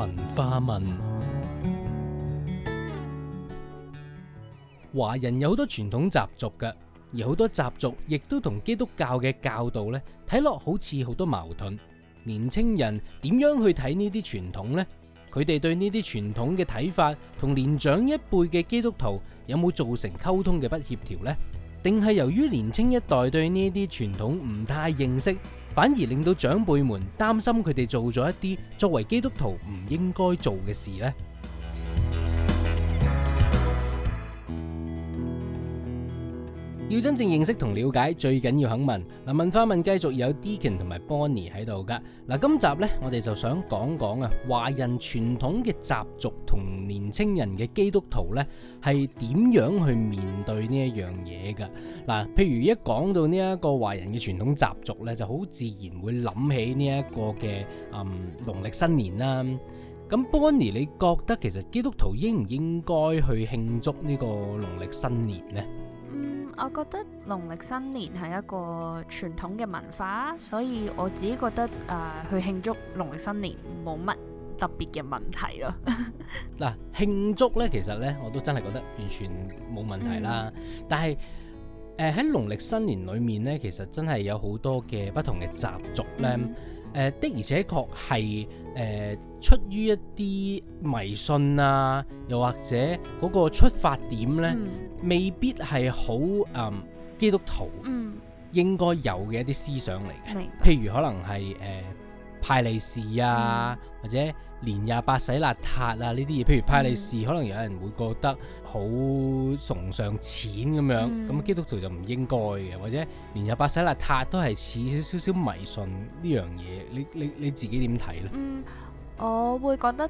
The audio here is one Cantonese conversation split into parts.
文化問：華人有好多傳統習俗㗎，而好多習俗亦都同基督教嘅教導呢，睇落好似好多矛盾。年青人點樣去睇呢啲傳統呢？佢哋對呢啲傳統嘅睇法，同年長一輩嘅基督徒有冇造成溝通嘅不協調呢？定係由於年青一代對呢啲傳統唔太認識？反而令到長輩們擔心，佢哋做咗一啲作為基督徒唔應該做嘅事呢。要真正認識同了解，最緊要肯問嗱。文化問繼續有 Deakin 同埋 Bonnie 喺度噶嗱。今集呢，我哋就想講講啊，華人傳統嘅習俗同年青人嘅基督徒呢，係點樣去面對呢一樣嘢噶嗱。譬如一講到呢一個華人嘅傳統習俗呢，就好自然會諗起呢一個嘅嗯農曆新年啦。咁 Bonnie，你覺得其實基督徒應唔應該去慶祝呢個農曆新年呢？我覺得農曆新年係一個傳統嘅文化，所以我自己覺得誒、呃、去慶祝農曆新年冇乜特別嘅問題咯。嗱、 啊，慶祝呢，其實呢，我都真係覺得完全冇問題啦。嗯、但係誒喺農曆新年裏面呢，其實真係有好多嘅不同嘅習俗呢。嗯誒、呃、的而且確係誒、呃、出於一啲迷信啊，又或者嗰個出發點咧，嗯、未必係好誒基督徒應該有嘅一啲思想嚟嘅。嗯、譬如可能係誒、呃、派利是啊，嗯、或者。年廿八洗邋遢啊！呢啲嘢，譬如派利是，嗯、可能有人會覺得好崇尚錢咁樣，咁、嗯、基督徒就唔應該嘅，或者年廿八洗邋遢都係似少少少迷信呢樣嘢，你你你自己點睇咧？嗯，我會覺得。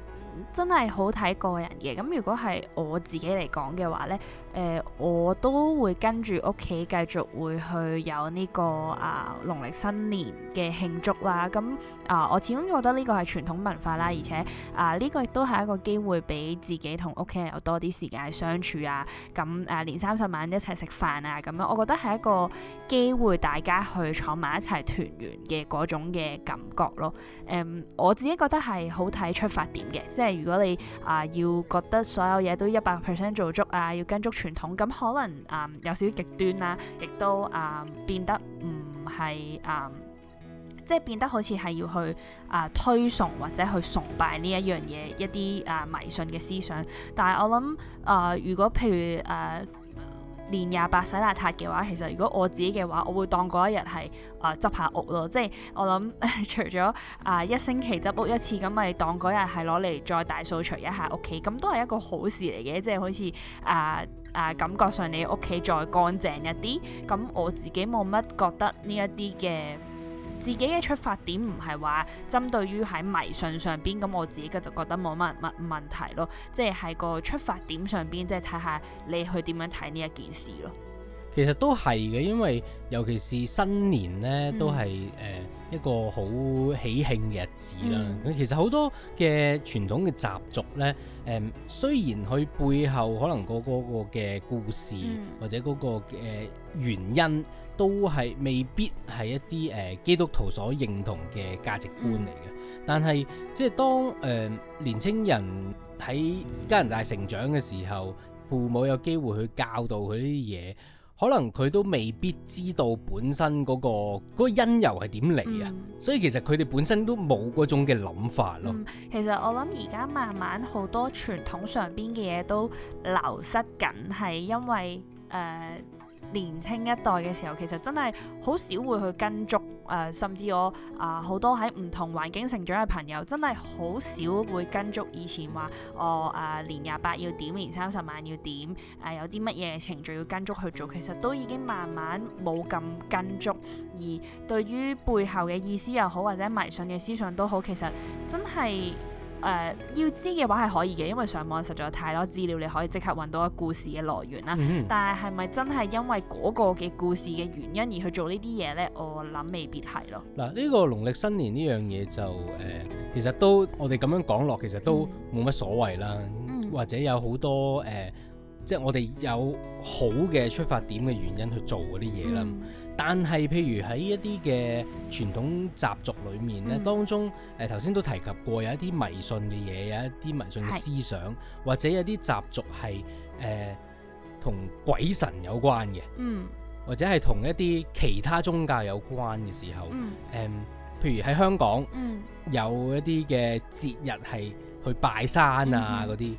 真係好睇個人嘅，咁如果係我自己嚟講嘅話呢，誒、呃，我都會跟住屋企繼續會去有呢、這個啊農曆新年嘅慶祝啦，咁、嗯、啊、呃，我始終覺得呢個係傳統文化啦，而且啊呢、呃這個亦都係一個機會俾自己同屋企人有多啲時間相處啊，咁、啊、誒年三十晚一齊食飯啊，咁、嗯、樣，我覺得係一個機會大家去坐埋一齊團圓嘅嗰種嘅感覺咯、嗯，我自己覺得係好睇出發點嘅，即係。如果你啊、呃、要覺得所有嘢都一百 percent 做足啊，要跟足傳統，咁可能、呃、有啊有少少極端啦，亦都啊、呃、變得唔係啊，即係變得好似係要去啊、呃、推崇或者去崇拜呢一樣嘢，一啲啊、呃、迷信嘅思想。但係我諗啊、呃，如果譬如誒。呃年廿八洗邋遢嘅話，其實如果我自己嘅話，我會當嗰一日係啊執下屋咯。即係我諗，除咗啊、呃、一星期執屋一次，咁咪當嗰日係攞嚟再大掃除一下屋企，咁都係一個好事嚟嘅。即係好似啊啊感覺上你屋企再乾淨一啲，咁我自己冇乜覺得呢一啲嘅。自己嘅出發點唔係話針對於喺迷信上邊，咁我自己嘅就覺得冇乜乜問題咯。即係喺個出發點上邊，即係睇下你去點樣睇呢一件事咯。其實都係嘅，因為尤其是新年呢，都係誒、嗯呃、一個好喜慶嘅日子啦。咁、嗯、其實好多嘅傳統嘅習俗呢，誒、呃、雖然佢背後可能個嗰個嘅故事、嗯、或者嗰個嘅原因。都係未必係一啲誒、呃、基督徒所認同嘅價值觀嚟嘅，嗯、但係即係當誒、呃、年青人喺加拿大成長嘅時候，父母有機會去教導佢呢啲嘢，可能佢都未必知道本身嗰個嗰個因由係點嚟啊，嗯、所以其實佢哋本身都冇嗰種嘅諗法咯、嗯。其實我諗而家慢慢好多傳統上邊嘅嘢都流失緊，係因為誒、呃年青一代嘅時候，其實真係好少會去跟足誒、呃，甚至我啊好、呃、多喺唔同環境成長嘅朋友，真係好少會跟足以前話哦誒年廿八要點，年三十晚要點誒、呃，有啲乜嘢程序要跟足去做，其實都已經慢慢冇咁跟足。而對於背後嘅意思又好，或者迷信嘅思想都好，其實真係。誒、呃、要知嘅話係可以嘅，因為上網實在太多資料，你可以即刻揾到個故事嘅來源啦。嗯、但係係咪真係因為嗰個嘅故事嘅原因而去做呢啲嘢呢？我諗未必係咯。嗱，呢個農曆新年呢樣嘢就誒、呃，其實都我哋咁樣講落，其實都冇乜所謂啦。嗯、或者有好多誒、呃，即係我哋有好嘅出發點嘅原因去做嗰啲嘢啦。但係，譬如喺一啲嘅傳統習俗裏面咧，嗯、當中誒頭先都提及過，有一啲迷信嘅嘢，有一啲迷信嘅思想，是或者有啲習俗係誒同鬼神有關嘅，嗯，或者係同一啲其他宗教有關嘅時候，誒、嗯嗯，譬如喺香港，嗯、有一啲嘅節日係去拜山啊嗰啲，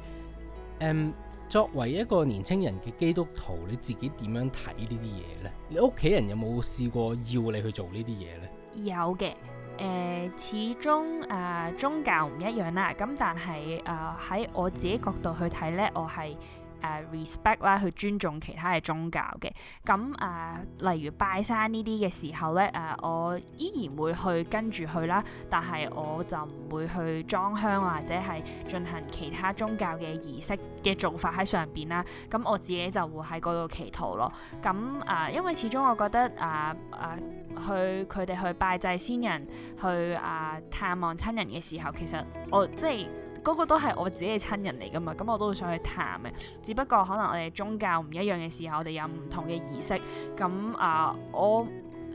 嗯哼作為一個年青人嘅基督徒，你自己點樣睇呢啲嘢呢？你屋企人有冇試過要你去做呢啲嘢呢？有嘅，呃，始終，呃，宗教唔一樣啦。咁但係啊，喺，呃，我自己角度去睇呢，我係。誒、uh, respect 啦，去尊重其他嘅宗教嘅，咁誒、uh, 例如拜山呢啲嘅時候咧，誒、uh, 我依然會去跟住去啦，但係我就唔會去裝香或者係進行其他宗教嘅儀式嘅做法喺上邊啦。咁我自己就會喺嗰度祈禱咯。咁誒，uh, 因為始終我覺得誒誒，uh, uh, 去佢哋去拜祭先人，去誒、uh, 探望親人嘅時候，其實我即係。就是嗰個都係我自己嘅親人嚟噶嘛，咁我都會想去探嘅。只不過可能我哋宗教唔一樣嘅時候，我哋有唔同嘅儀式。咁啊、呃，我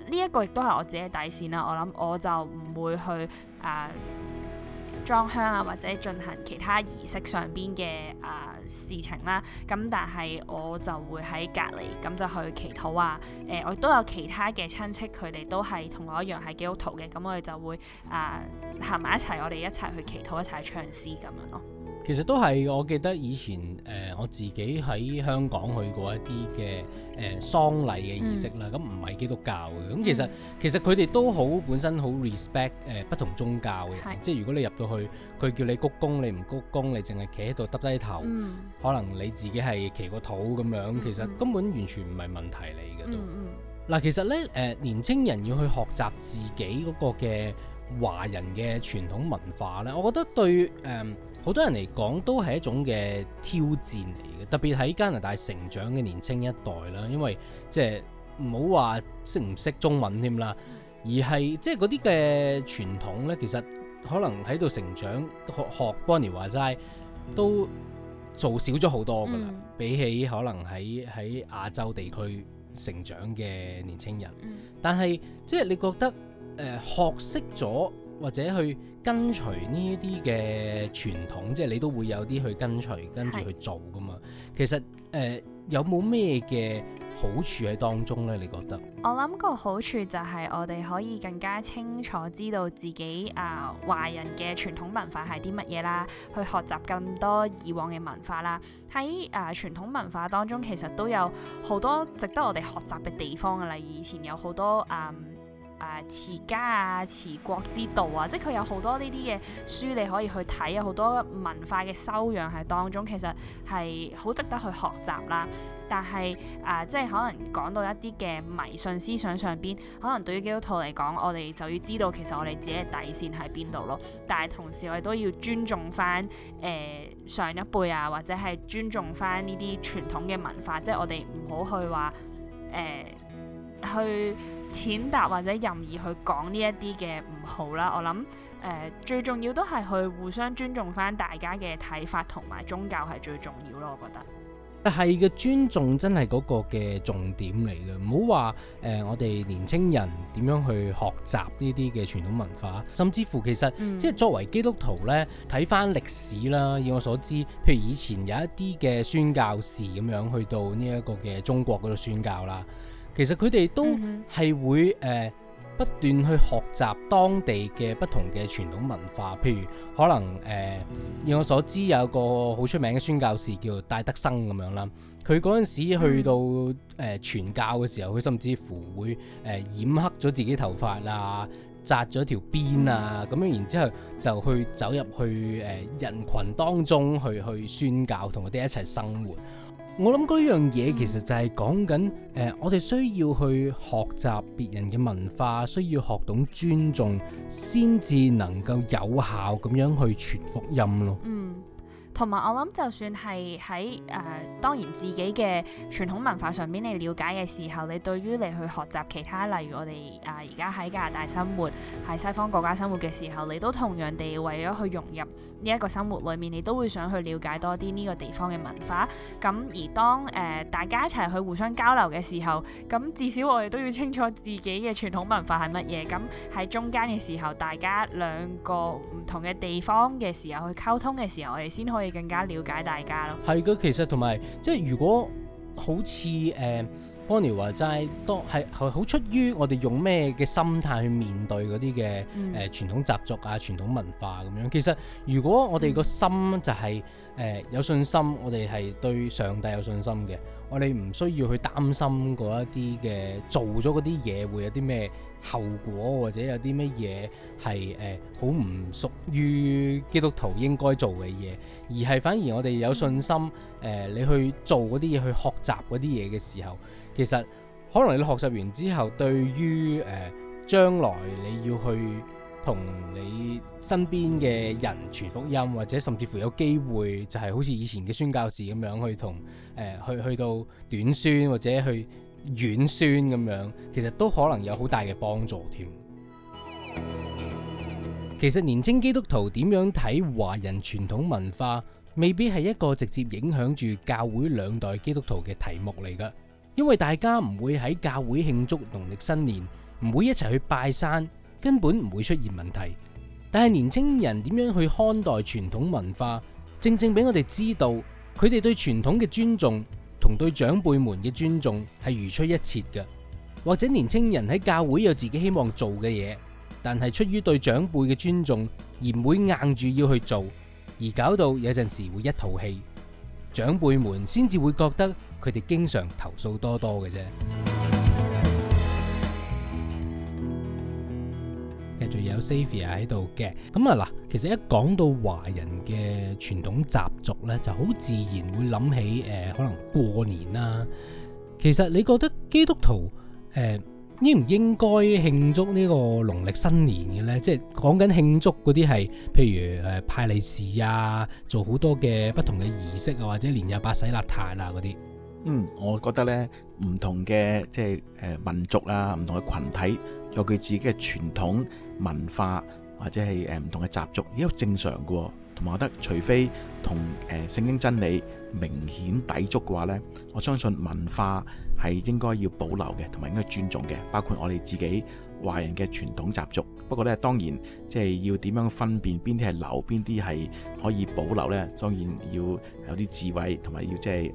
呢一個亦都係我自己嘅底線啦。我諗我就唔會去誒、呃裝香啊，或者進行其他儀式上邊嘅誒事情啦，咁但係我就會喺隔籬咁就去祈禱啊，誒、呃、我都有其他嘅親戚佢哋都係同我一樣係基督徒嘅，咁我哋就會誒行埋一齊，我哋一齊去祈禱一齊去唱詩咁樣咯。其實都係，我記得以前誒、呃、我自己喺香港去過一啲嘅誒喪禮嘅儀式啦。咁唔係基督教嘅，咁、嗯、其實、嗯、其實佢哋都好本身好 respect 誒不同宗教嘅人，嗯、即係如果你入到去，佢叫你鞠躬，你唔鞠躬，你淨係企喺度耷低頭，嗯、可能你自己係企個肚咁樣，其實根本完全唔係問題嚟嘅都嗱。嗯嗯、其實咧誒、呃，年青人要去學習自己嗰個嘅華人嘅傳統文化咧，我覺得對誒。嗯嗯好多人嚟講都係一種嘅挑戰嚟嘅，特別喺加拿大成長嘅年青一代啦，因為即係唔好話識唔識中文添啦，而係即係嗰啲嘅傳統咧，其實可能喺度成長學學，Bonnie 話齋都做少咗好多噶啦，嗯、比起可能喺喺亞洲地區成長嘅年青人，嗯、但係即係你覺得誒、呃、學識咗？或者去跟隨呢一啲嘅傳統，即係你都會有啲去跟隨，跟住去做㗎嘛。其實誒、呃，有冇咩嘅好處喺當中呢？你覺得？我諗個好處就係我哋可以更加清楚知道自己啊、呃、華人嘅傳統文化係啲乜嘢啦，去學習更多以往嘅文化啦。喺啊、呃、傳統文化當中，其實都有好多值得我哋學習嘅地方㗎喇。例如以前有好多啊～、呃誒持、呃、家啊、持國之道啊，即係佢有好多呢啲嘅書你可以去睇啊，好多文化嘅修養喺當中，其實係好值得去學習啦。但係誒、呃，即係可能講到一啲嘅迷信思想上邊，可能對於基督徒嚟講，我哋就要知道其實我哋自己嘅底線喺邊度咯。但係同時我哋都要尊重翻誒、呃、上一輩啊，或者係尊重翻呢啲傳統嘅文化，即係我哋唔好去話誒、呃、去。淺談或者任意去講呢一啲嘅唔好啦，我諗誒、呃、最重要都係去互相尊重翻大家嘅睇法同埋宗教係最重要咯，我覺得係嘅尊重真係嗰個嘅重點嚟嘅，唔好話誒我哋年青人點樣去學習呢啲嘅傳統文化，甚至乎其實、嗯、即係作為基督徒呢，睇翻歷史啦，以我所知，譬如以前有一啲嘅宣教士咁樣去到呢一個嘅中國嗰度宣教啦。其實佢哋都係會誒、呃、不斷去學習當地嘅不同嘅傳統文化，譬如可能誒，以、呃、我所知有個好出名嘅宣教士叫戴德生咁樣啦。佢嗰陣時去到誒傳、呃、教嘅時候，佢甚至乎會誒染、呃、黑咗自己頭髮啊，紮咗條辮啊，咁樣然之後就去走入去誒、呃、人群當中去去宣教，同佢哋一齊生活。我諗呢樣嘢其實就係講緊，誒、呃，我哋需要去學習別人嘅文化，需要學懂尊重，先至能夠有效咁樣去傳福音咯。嗯。同埋我諗，就算係喺誒當然自己嘅傳統文化上面你了解嘅時候，你對於你去學習其他，例如我哋啊而家喺加拿大生活，喺西方國家生活嘅時候，你都同樣地為咗去融入呢一個生活裏面，你都會想去了解多啲呢個地方嘅文化。咁而當誒、呃、大家一齊去互相交流嘅時候，咁至少我哋都要清楚自己嘅傳統文化係乜嘢。咁喺中間嘅時候，大家兩個唔同嘅地方嘅時候去溝通嘅時候，我哋先可以更加了解大家咯，係噶。其實同埋即係如果好似誒 Bonnie 話齋，當係係好出於我哋用咩嘅心態去面對嗰啲嘅誒傳統習俗啊、傳統文化咁樣。其實如果我哋個心就係、是、誒、呃、有信心，我哋係對上帝有信心嘅，我哋唔需要去擔心嗰一啲嘅做咗嗰啲嘢會有啲咩後果或者有啲乜嘢係誒好唔屬於基督徒應該做嘅嘢，而係反而我哋有信心誒、呃，你去做嗰啲嘢，去學習嗰啲嘢嘅時候，其實可能你學習完之後，對於誒將來你要去同你身邊嘅人傳福音，或者甚至乎有機會就係、是、好似以前嘅宣教士咁樣去同誒、呃、去去到短宣或者去。軟酸咁樣，其實都可能有好大嘅幫助添。其實年青基督徒點樣睇華人傳統文化，未必係一個直接影響住教會兩代基督徒嘅題目嚟㗎。因為大家唔會喺教會慶祝農曆新年，唔會一齊去拜山，根本唔會出現問題。但係年青人點樣去看待傳統文化，正正俾我哋知道佢哋對傳統嘅尊重。同對長輩們嘅尊重係如出一轍嘅，或者年青人喺教會有自己希望做嘅嘢，但係出於對長輩嘅尊重而唔會硬住要去做，而搞到有陣時會一肚氣，長輩們先至會覺得佢哋經常投訴多多嘅啫。繼續有 Xavier 喺度嘅，咁啊嗱，其實一講到華人嘅傳統習俗呢，就好自然會諗起誒、呃，可能過年啦、啊。其實你覺得基督徒誒、呃、應唔應該慶祝呢個農曆新年嘅呢？即係講緊慶祝嗰啲係，譬如誒派利是啊，做好多嘅不同嘅儀式啊，或者年廿八洗邋遢啊嗰啲。嗯，我覺得呢，唔同嘅即係、呃、民族啊，唔同嘅群體有佢自己嘅傳統。文化或者係誒唔同嘅習俗，呢個正常嘅，同埋我覺得除非同誒聖經真理明顯抵觸嘅話呢，我相信文化係應該要保留嘅，同埋應該尊重嘅，包括我哋自己華人嘅傳統習俗。不過呢，當然即係要點樣分辨邊啲係留，邊啲係可以保留呢？當然要有啲智慧，同埋要即係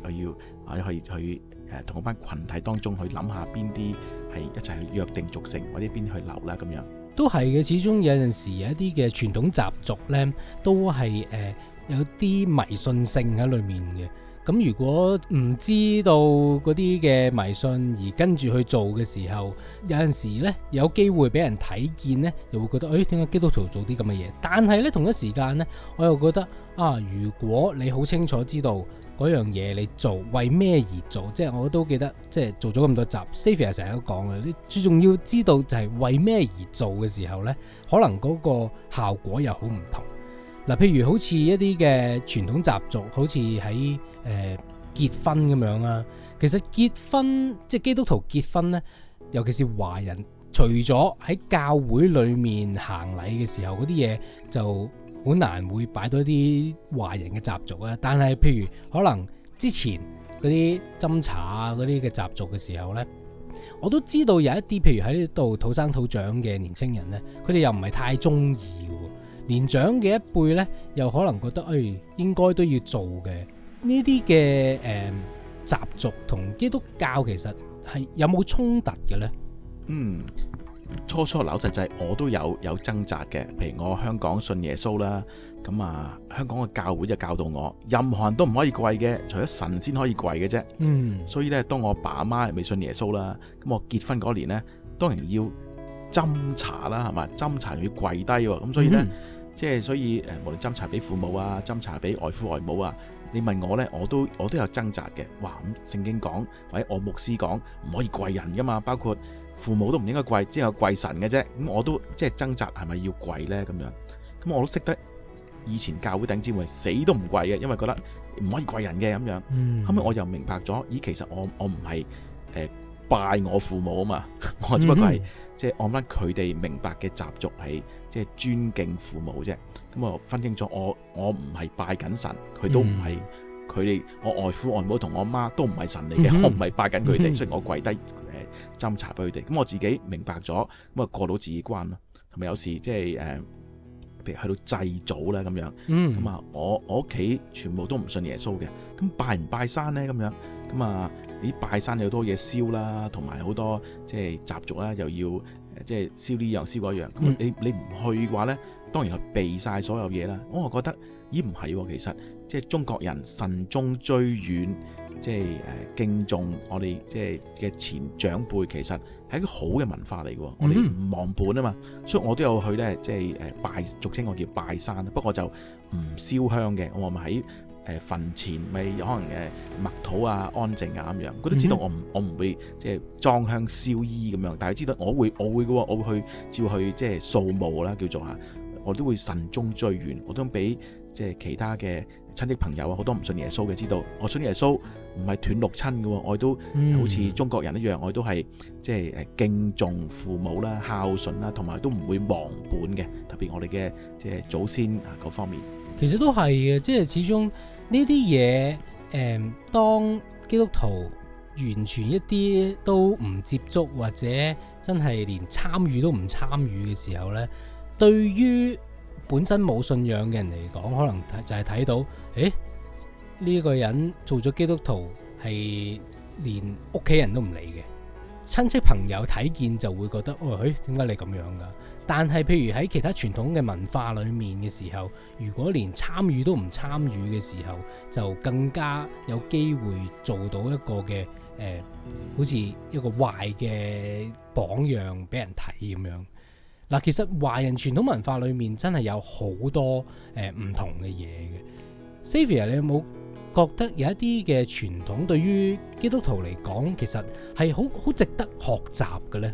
要可以去誒同嗰班群體當中去諗下邊啲係一齊去約定俗成，或者邊啲去留啦咁樣。都係嘅，始終有陣時有一啲嘅傳統習俗咧，都係誒、呃、有啲迷信性喺裏面嘅。咁如果唔知道嗰啲嘅迷信而跟住去做嘅時候，有陣時咧有機會俾人睇見咧，又會覺得誒點解基督徒做啲咁嘅嘢？但係咧同一時間咧，我又覺得啊，如果你好清楚知道。嗰樣嘢你做，為咩而做？即係我都記得，即係做咗咁多集，Xavier 成日都講啊！你最重要知道就係為咩而做嘅時候呢，可能嗰個效果又好唔同。嗱、啊，譬如好似一啲嘅傳統習俗，好似喺誒結婚咁樣啊。其實結婚，即係基督徒結婚呢，尤其是華人，除咗喺教會裏面行禮嘅時候，嗰啲嘢就～好難會擺到一啲華人嘅習俗啊！但係譬如可能之前嗰啲斟茶啊嗰啲嘅習俗嘅時候呢，我都知道有一啲譬如喺度土生土長嘅年青人呢，佢哋又唔係太中意嘅。年長嘅一輩呢，又可能覺得誒、哎、應該都要做嘅呢啲嘅誒習俗同基督教其實係有冇衝突嘅呢？嗯。初初扭陣陣，我都有有掙扎嘅。譬如我香港信耶穌啦，咁啊香港嘅教會就教導我，任何人都唔可以跪嘅，除咗神先可以跪嘅啫。嗯，所以呢，當我阿爸阿媽係未信耶穌啦，咁我結婚嗰年呢，當然要斟茶啦，係嘛，斟茶要跪低喎。咁所以呢，嗯、即係所以誒，無論斟茶俾父母啊，斟茶俾外父外母啊，你問我呢，我都我都有掙扎嘅。哇，咁聖經講，或者我牧師講，唔可以跪人噶嘛，包括。父母都唔應該跪，即係跪神嘅啫。咁我都即係掙扎，係咪要跪呢？咁樣，咁我都識得以前教會頂之輩死都唔跪嘅，因為覺得唔可以跪人嘅咁樣。嗯、後尾我又明白咗，咦？其實我我唔係、呃、拜我父母啊嘛，我只不過係、嗯、即係按翻佢哋明白嘅習俗係即係尊敬父母啫。咁我分清楚，我我唔係拜緊神，佢都唔係。嗯佢哋我外父外母同我阿媽都唔係神嚟嘅，我唔係拜緊佢哋，所以我跪低誒斟茶俾佢哋。咁我自己明白咗，咁啊過到自己關啦。同埋有時即係誒，譬如去到祭祖咧咁樣，咁啊、uh, uh, 我我屋企全部都唔信耶穌嘅，咁拜唔拜山咧咁樣，咁啊你拜山有好多嘢燒啦，同埋好多即係習俗啦，又要即係燒呢樣燒嗰樣。咁你你唔去嘅話咧，當然係避晒所有嘢啦。咁我覺得咦唔係喎，其實。即係中國人慎終追遠，即係誒敬重我哋即係嘅前長輩，其實係一個好嘅文化嚟嘅。嗯、哼我哋唔忘本啊嘛，所以我都有去咧，即係誒拜，俗稱我叫拜山。不過就唔燒香嘅，我咪喺誒墳前咪有可能誒默禱啊、安靜啊咁樣。佢都知道我唔、嗯、哼我唔會即係、就是、裝香燒衣咁樣，但係知道我會我會嘅，我會去照去即係、就是、掃墓啦，叫做吓。我都會慎終追遠，我都俾即係其他嘅。親戚朋友啊，好多唔信耶穌嘅，知道我信耶穌唔係斷六親嘅，我都好似、嗯、中國人一樣，我都係即係敬重父母啦、孝順啦，同埋都唔會忘本嘅。特別我哋嘅即祖先啊嗰方面，其實都係嘅，即係始終呢啲嘢誒，當基督徒完全一啲都唔接觸，或者真係連參與都唔參與嘅時候呢，對於。本身冇信仰嘅人嚟講，可能就係睇到，誒呢個人做咗基督徒係連屋企人都唔理嘅，親戚朋友睇見就會覺得，哦，誒，點解你咁樣噶？但係，譬如喺其他傳統嘅文化裏面嘅時候，如果連參與都唔參與嘅時候，就更加有機會做到一個嘅，誒，好似一個壞嘅榜樣俾人睇咁樣。嗱，其實華人傳統文化裏面真係有好多誒唔、呃、同嘅嘢嘅。Xavier，你有冇覺得有一啲嘅傳統對於基督徒嚟講，其實係好好值得學習嘅呢？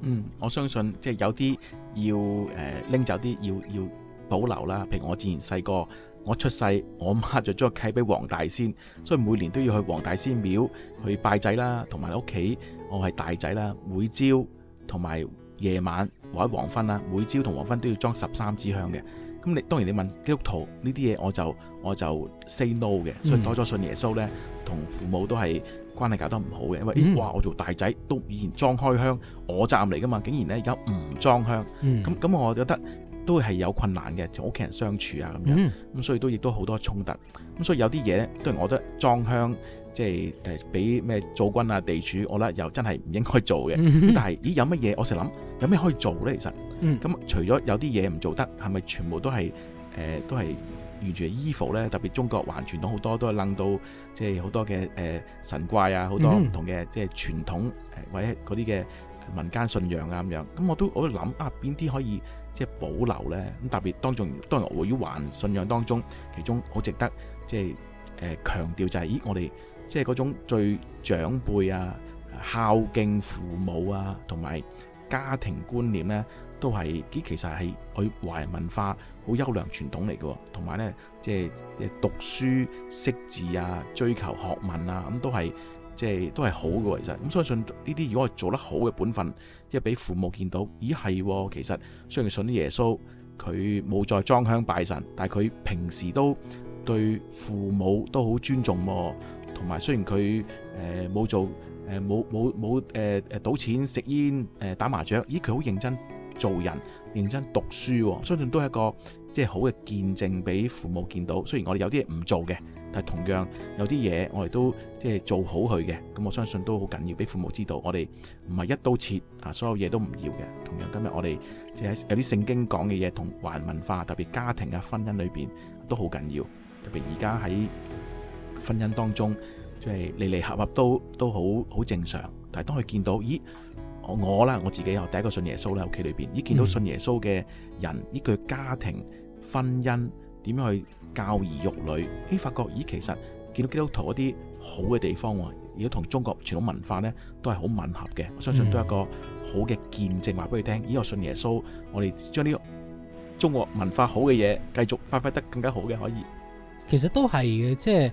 嗯，我相信即係有啲要誒拎、呃、走啲要要保留啦。譬如我之前細個，我出世，我媽就將個契俾黃大仙，所以每年都要去黃大仙廟去拜祭啦。同埋屋企，我係大仔啦，每朝同埋。夜晚或者黃昏啦，每朝同黃昏都要裝十三支香嘅。咁你當然你問基督徒呢啲嘢，我就我就 say no 嘅。所以多咗信耶穌呢，同父母都係關係搞得唔好嘅，因為咦話我做大仔都以前裝開香，我責任嚟噶嘛，竟然呢而家唔裝香，咁咁我覺得都係有困難嘅，同屋企人相處啊咁樣，咁所以都亦都好多衝突。咁所以有啲嘢咧，雖然我覺得裝香即係誒俾咩灶君啊、地主，我覺得又真係唔應該做嘅。咁但係咦有乜嘢我就諗？有咩可以做呢？其實，咁、嗯、除咗有啲嘢唔做得，係咪全部都係誒、呃、都係完全係衣服呢？特別中國還傳統好多都係楞到即係好多嘅誒、呃、神怪啊，好多唔同嘅即係傳統誒、呃、或者嗰啲嘅民間信仰啊咁樣。咁、嗯、我都我都諗啊，邊啲可以即係保留呢？咁特別當中當然我會還信仰當中，其中好值得即係誒強調就係、是、咦，我哋即係嗰種最長輩啊、孝敬父母啊，同埋。家庭觀念呢都係啲其實係佢華人文化好優良傳統嚟嘅，同埋呢，即係即係讀書識字啊，追求學問啊，咁都係即係都係好嘅。其實咁相信呢啲如果係做得好嘅本分，即係俾父母見到，咦係，其實雖然信啲耶穌，佢冇再裝香拜神，但係佢平時都對父母都好尊重喎，同埋雖然佢呃、冇做。誒，冇冇冇，誒誒賭錢食煙，誒打麻雀，咦佢好認真做人，認真讀書，哦、相信都係一個即係、就是、好嘅見證俾父母見到。雖然我哋有啲嘢唔做嘅，但係同樣有啲嘢我哋都即係、就是、做好佢嘅。咁我相信都好緊要俾父母知道，我哋唔係一刀切啊，所有嘢都唔要嘅。同樣今日我哋即係有有啲聖經講嘅嘢同華人文化，特別家庭嘅婚姻裏邊都好緊要，特別而家喺婚姻當中。即係離離合合都都好好正常，但係當佢見到，咦我啦，我自己又第一個信耶穌啦，屋企裏邊，咦見到信耶穌嘅人，呢個、嗯、家庭、婚姻點樣去教兒育女，咦發覺，咦其實見到基督徒嗰啲好嘅地方，如果同中國傳統文化呢都係好吻合嘅，我相信都係一個好嘅見證，話俾佢聽，咦我信耶穌，我哋將呢個中國文化好嘅嘢繼續發揮，揮，揮得更加好嘅，可以，其實都係嘅，即係。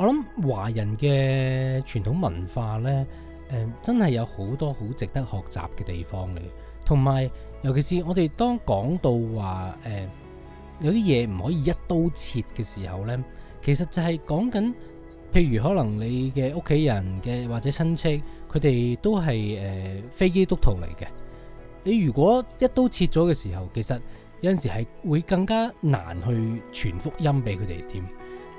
我諗華人嘅傳統文化呢，嗯、真係有好多好值得學習嘅地方嚟。同埋，尤其是我哋當講到話，誒、呃，有啲嘢唔可以一刀切嘅時候呢，其實就係講緊，譬如可能你嘅屋企人嘅或者親戚，佢哋都係誒非基督徒嚟嘅。你如果一刀切咗嘅時候，其實有陣時係會更加難去傳福音俾佢哋添。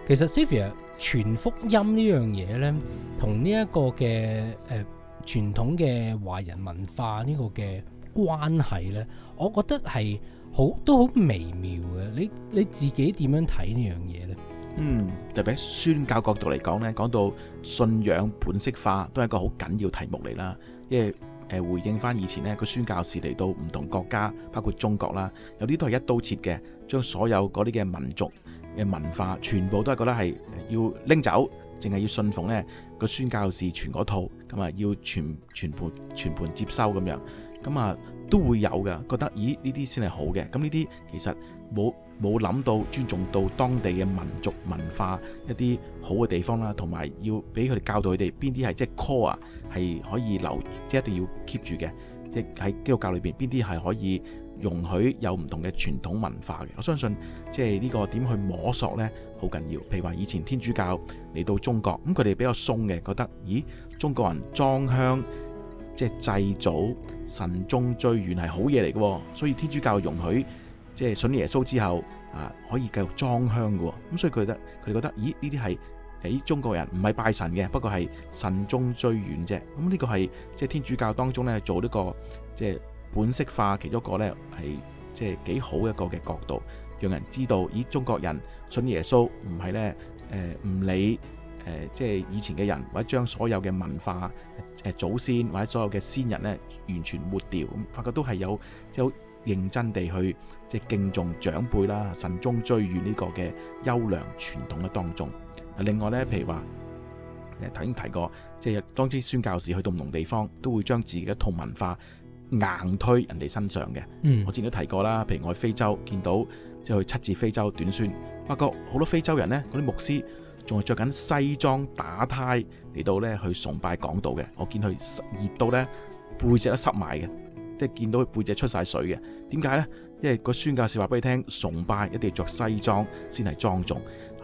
其實 Xavier。傳福音呢樣嘢呢，同呢一個嘅誒、呃、傳統嘅華人文化呢個嘅關係呢，我覺得係好都好微妙嘅。你你自己點樣睇呢樣嘢呢？嗯，特別喺宣教角度嚟講呢，講到信仰本色化都係一個好緊要題目嚟啦。因為誒回應翻以前呢個宣教士嚟到唔同國家，包括中國啦，有啲都係一刀切嘅，將所有嗰啲嘅民族嘅文化全部都係覺得係要拎走，淨係要信奉呢個宣教士傳嗰套，咁啊要全全盤全盤接收咁樣，咁啊都會有㗎，覺得咦呢啲先係好嘅，咁呢啲其實冇冇諗到尊重到當地嘅民族文化一啲好嘅地方啦，同埋要俾佢哋教導佢哋邊啲係即係 core 啊，係可以留即一定要 keep 住嘅，即係喺基督教裏邊邊啲係可以。容許有唔同嘅傳統文化嘅，我相信即係呢個點去摸索呢？好緊要。譬如話以前天主教嚟到中國，咁佢哋比較鬆嘅，覺得咦，中國人裝香即係、即係、祭祖、慎終追遠係好嘢嚟嘅，所以天主教容許即係信耶穌之後啊，可以繼續裝香嘅。咁所以佢得佢覺得咦，呢啲係喺中國人唔係拜神嘅，不過係慎終追遠啫。咁呢個係即係天主教當中呢做呢、呢個即係。本色化，其中一個呢，係即係幾好一個嘅角度，讓人知道，咦，中國人信耶穌唔係呢，誒、呃，唔理誒、呃，即係以前嘅人或者將所有嘅文化祖先或者所有嘅先人呢，完全抹掉，咁發覺都係有即係認真地去即敬重長輩啦，慎終追遠呢個嘅優良傳統嘅當中。另外呢，譬如話誒頭先提過，即係當啲宣教士去到唔同地方，都會將自己一套文化。硬推人哋身上嘅，嗯，我之前都提過啦。譬如我喺非洲見到，即係去七至非洲短宣，發覺好多非洲人咧，嗰啲牧師仲係著緊西裝打呔嚟到咧去崇拜講道嘅。我見佢熱到咧背脊都濕埋嘅，即係見到佢背脊出曬水嘅。點解咧？因為個宣教士話俾你聽，崇拜一定要著西裝先係莊重。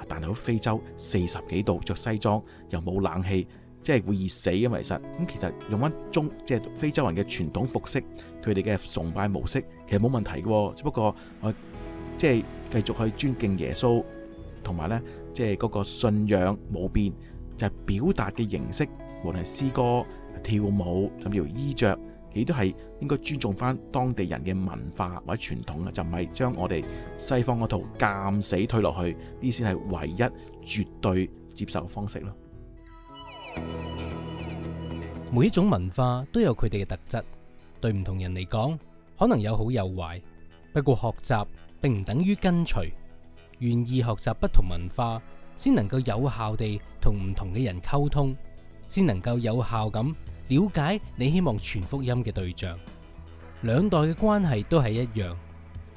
但係喺非洲四十幾度著西裝又冇冷氣。即係會熱死啊嘛！其實咁，其實用翻中即係非洲人嘅傳統服飾，佢哋嘅崇拜模式其實冇問題嘅，只不過我即係繼續去尊敬耶穌，同埋呢，即係嗰個信仰冇變，就係表達嘅形式，無論係詩歌、跳舞甚至乎衣着，亦都係應該尊重翻當地人嘅文化或者傳統啊！就唔係將我哋西方嗰套鑑死退落去，呢啲先係唯一絕對接受嘅方式咯。每一種文化都有佢哋嘅特質，對唔同人嚟講，可能有好有壞。不過學習並唔等於跟隨，願意學習不同文化，先能夠有效地同唔同嘅人溝通，先能夠有效咁了解你希望傳福音嘅對象。兩代嘅關係都係一樣，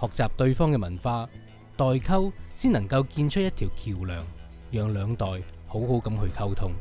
學習對方嘅文化，代溝先能夠建出一條橋梁，讓兩代好好咁去溝通。